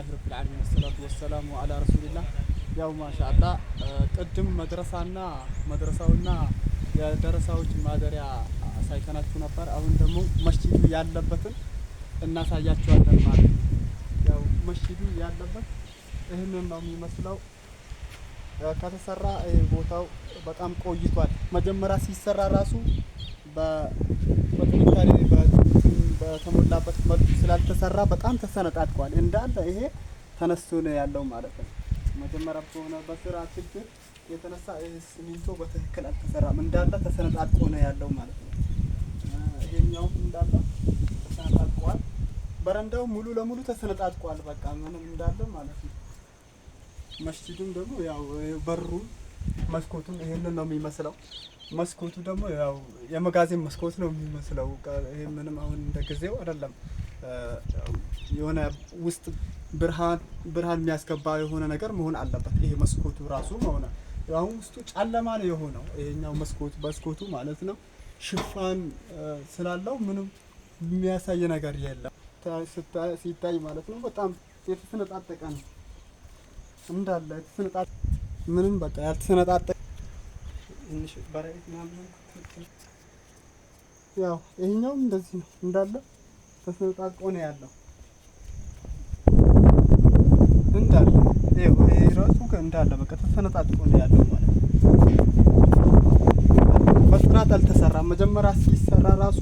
አልሐምዱሊላህ ረብል ዓለሚን ወሰላቱ ወሰላሙ አላ ረሱሊላህ። ያው ማሻአላ ቅድም መድረሳና መድረሳውና የደረሳዎች ማደሪያ አሳይተናችሁ ነበር። አሁን ደግሞ መስጂዱ ያለበትን እናሳያችኋለን ማለት ነው። ያው መስጂዱ ያለበት ይህንን ነው የሚመስለው። ከተሰራ ቦታው በጣም ቆይቷል። መጀመሪያ ሲሰራ ራሱ በጥንካሬ በተሞላበት መልኩ ስላልተሰራ በጣም ተሰነጣጥቋል። እንዳለ ይሄ ተነስቶ ነው ያለው ማለት ነው። መጀመሪያ በሆነ በስራ ችግር የተነሳ ሲሚንቶ በትክክል አልተሰራም። እንዳለ ተሰነጣጥቆ ነው ያለው ማለት ነው። ይሄኛውም እንዳለ ተሰነጣጥቋል። በረንዳው ሙሉ ለሙሉ ተሰነጣጥቋል። በቃ ምንም እንዳለ ማለት ነው። መስጂዱም ደግሞ ያው በሩ መስኮቱም ይሄንን ነው የሚመስለው። መስኮቱ ደግሞ ያው የመጋዘን መስኮት ነው የሚመስለው። ይሄ ምንም አሁን እንደ ጊዜው አይደለም። የሆነ ውስጥ ብርሃን ብርሃን የሚያስገባ የሆነ ነገር መሆን አለበት። ይሄ መስኮቱ ራሱ መሆነ አሁን ውስጡ ጨለማ ነው የሆነው። ይሄኛው መስኮቱ መስኮቱ ማለት ነው ሽፋን ስላለው ምንም የሚያሳይ ነገር የለም ሲታይ ማለት ነው። በጣም የተሰነጣጠቀ ነው እንዳለ የተሰነጣጠቀ ምንም በቃ ያልተሰነጣጠቀ ያው ይሄኛውም እንደዚህ ነው እንዳለ ተሰነጣቆ ነው ያለው እንዳለ ይሄው ራሱ እንዳለ በቃ ተሰነጣቆ ነው ያለው ማለት ነው። በጥራት አልተሰራም። መጀመሪያ ሲሰራ ራሱ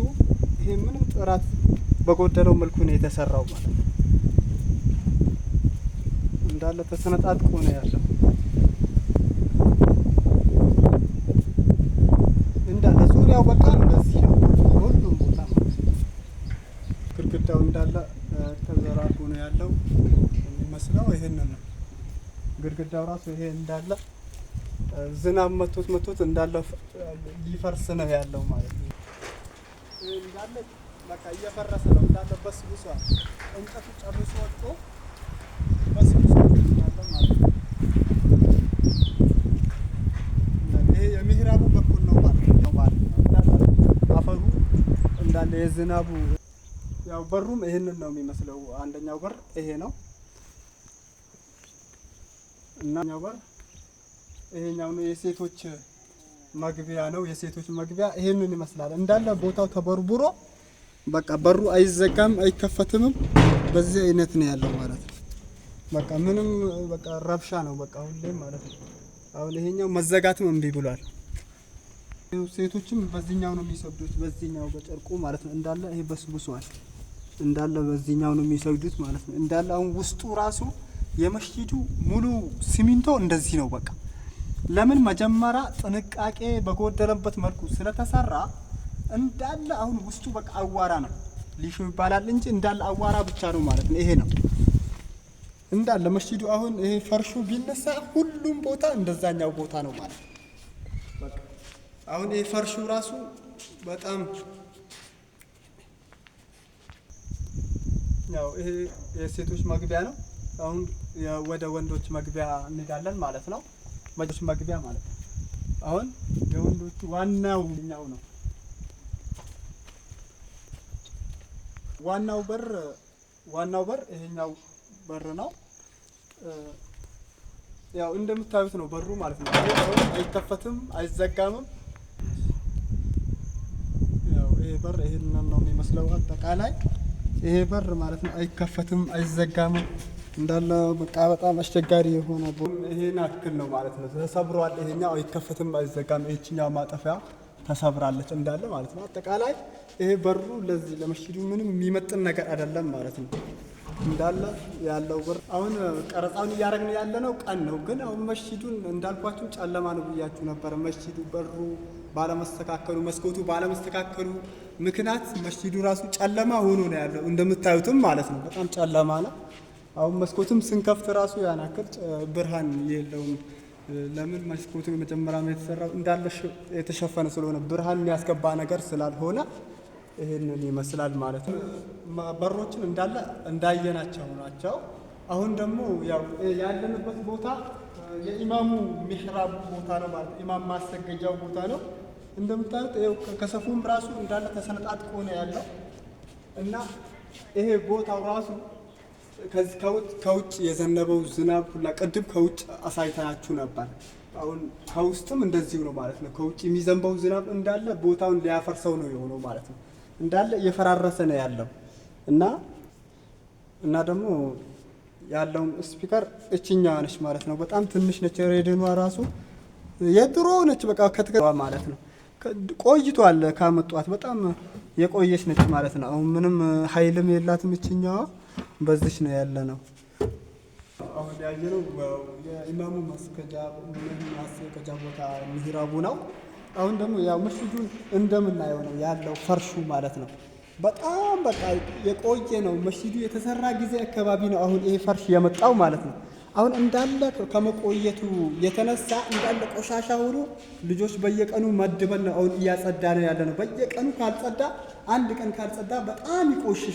ይሄ ምንም ጥራት በጎደለው መልኩ ነው የተሰራው ማለት ነው። እንዳለ ተሰነጣጥቆ ነው ያለው። ግድግዳው ራሱ ይሄ እንዳለ ዝናብ መቶት መቶት እንዳለ ሊፈርስ ነው ያለው ማለት ነው። እንዳለ በቃ እየፈረሰ ነው እንዳለ በስብሷል። እንጨቱ ጨርሶ ወጥቶ በስብሷል በኩል ነው ማለት ነው አፈሩ እንዳለ የዝናቡ ያው በሩም ይህንን ነው የሚመስለው። አንደኛው በር ይሄ ነው። እና ጋር ይሄኛው ነው የሴቶች መግቢያ ነው። የሴቶች መግቢያ ይሄንን ይመስላል። እንዳለ ቦታው ተበርቡሮ በቃ በሩ አይዘጋም አይከፈትምም። በዚህ አይነት ነው ያለው ማለት ነው። በቃ ምንም በቃ ረብሻ ነው በቃ ሁሌም ማለት ነው። አሁን ይሄኛው መዘጋትም እምቢ ብሏል። ሴቶችም በዚህኛው ነው የሚሰግዱት፣ በዚህኛው በጨርቁ ማለት ነው። እንዳለ ይሄ በስብሷል። እንዳለ በዚህኛው ነው የሚሰግዱት ማለት ነው። እንዳለ አሁን ውስጡ ራሱ የመስጂዱ ሙሉ ሲሚንቶ እንደዚህ ነው። በቃ ለምን መጀመሪያ ጥንቃቄ በጎደለበት መልኩ ስለተሰራ እንዳለ አሁን ውስጡ በቃ አዋራ ነው። ሊሹ ይባላል እንጂ እንዳለ አዋራ ብቻ ነው ማለት ነው። ይሄ ነው እንዳለ መስጂዱ። አሁን ይሄ ፈርሹ ቢነሳ ሁሉም ቦታ እንደዛኛው ቦታ ነው ማለት ነው። አሁን ይሄ ፈርሹ ራሱ በጣም ያው ይሄ የሴቶች መግቢያ ነው አሁን ወደ ወንዶች መግቢያ እንሄዳለን ማለት ነው። ወንዶች መግቢያ ማለት ነው። አሁን የወንዶቹ ዋናው ኛው ነው። ዋናው በር ዋናው በር ይሄኛው በር ነው። ያው እንደምታዩት ነው በሩ ማለት ነው። አይከፈትም፣ አይዘጋምም። ያው ይሄ በር ይሄንን ነው የሚመስለው አጠቃላይ ይሄ በር ማለት ነው። አይከፈትም፣ አይዘጋምም። እንዳለ በቃ በጣም አስቸጋሪ የሆነ ይሄን አክል ነው ማለት ነው። ተሰብሯል። ይሄኛው አይከፈትም፣ አይዘጋም። ይችኛው ማጠፊያ ተሰብራለች እንዳለ ማለት ነው። አጠቃላይ ይሄ በሩ ለዚህ ለመስጂዱ ምንም የሚመጥን ነገር አይደለም ማለት ነው። እንዳለ ያለው በር አሁን ቀረጻውን እያደረግን ያለ ነው። ቀን ነው ግን አሁን መስጂዱን እንዳልኳችሁ ጨለማ ነው ብያችሁ ነበረ። መስጂዱ በሩ ባለመስተካከሉ መስኮቱ ባለመስተካከሉ ምክንያት መስጂዱ ራሱ ጨለማ ሆኖ ነው ያለው እንደምታዩትም ማለት ነው። በጣም ጨለማ ነው። አሁን መስኮትም ስንከፍት ራሱ ያን ያክል ብርሃን የለውም። ለምን መስኮቱ የመጀመሪያ ነው የተሰራው እንዳለ የተሸፈነ ስለሆነ ብርሃን የሚያስገባ ነገር ስላልሆነ ይህንን ይመስላል ማለት ነው። በሮችን እንዳለ እንዳየናቸው ናቸው። አሁን ደግሞ ያው ያለንበት ቦታ የኢማሙ ሚሕራብ ቦታ ነው ማለት ኢማም ማሰገጃው ቦታ ነው። እንደምታዩት ከሰፉም ራሱ እንዳለ ተሰነጣጥቆ ነው ያለው እና ይሄ ቦታው ራሱ ከውጭ የዘነበው ዝናብ ሁላ ቅድም ከውጭ አሳይታችሁ ነበር። አሁን ከውስጥም እንደዚሁ ነው ማለት ነው። ከውጭ የሚዘንበው ዝናብ እንዳለ ቦታውን ሊያፈርሰው ነው የሆነው ማለት ነው። እንዳለ እየፈራረሰ ነው ያለው እና እና ደግሞ ያለውም ስፒከር እችኛዋ ነች ማለት ነው። በጣም ትንሽ ነች። ሬድኗ ራሱ የድሮ ነች። በቃ ከትገባ ማለት ነው። ቆይቷል ካመጧት በጣም የቆየች ነች ማለት ነው። አሁን ምንም ኃይልም የላትም እችኛዋ በዚች ነው ያለ ነው። አሁን ያየነው የኢማሙ መስገጃ ማስገጃ ቦታ ሚሂራቡ ነው። አሁን ደግሞ ያው መስጂዱን እንደምናየው ነው ያለው ፈርሹ ማለት ነው። በጣም በቃ የቆየ ነው መስጂዱ የተሰራ ጊዜ አካባቢ ነው አሁን ይሄ ፈርሽ የመጣው ማለት ነው። አሁን እንዳለ ከመቆየቱ የተነሳ እንዳለ ቆሻሻ ሁሉ ልጆች በየቀኑ መድበን ነው አሁን እያጸዳ ነው ያለ ነው። በየቀኑ ካልጸዳ አንድ ቀን ካልጸዳ በጣም ይቆሽሻል።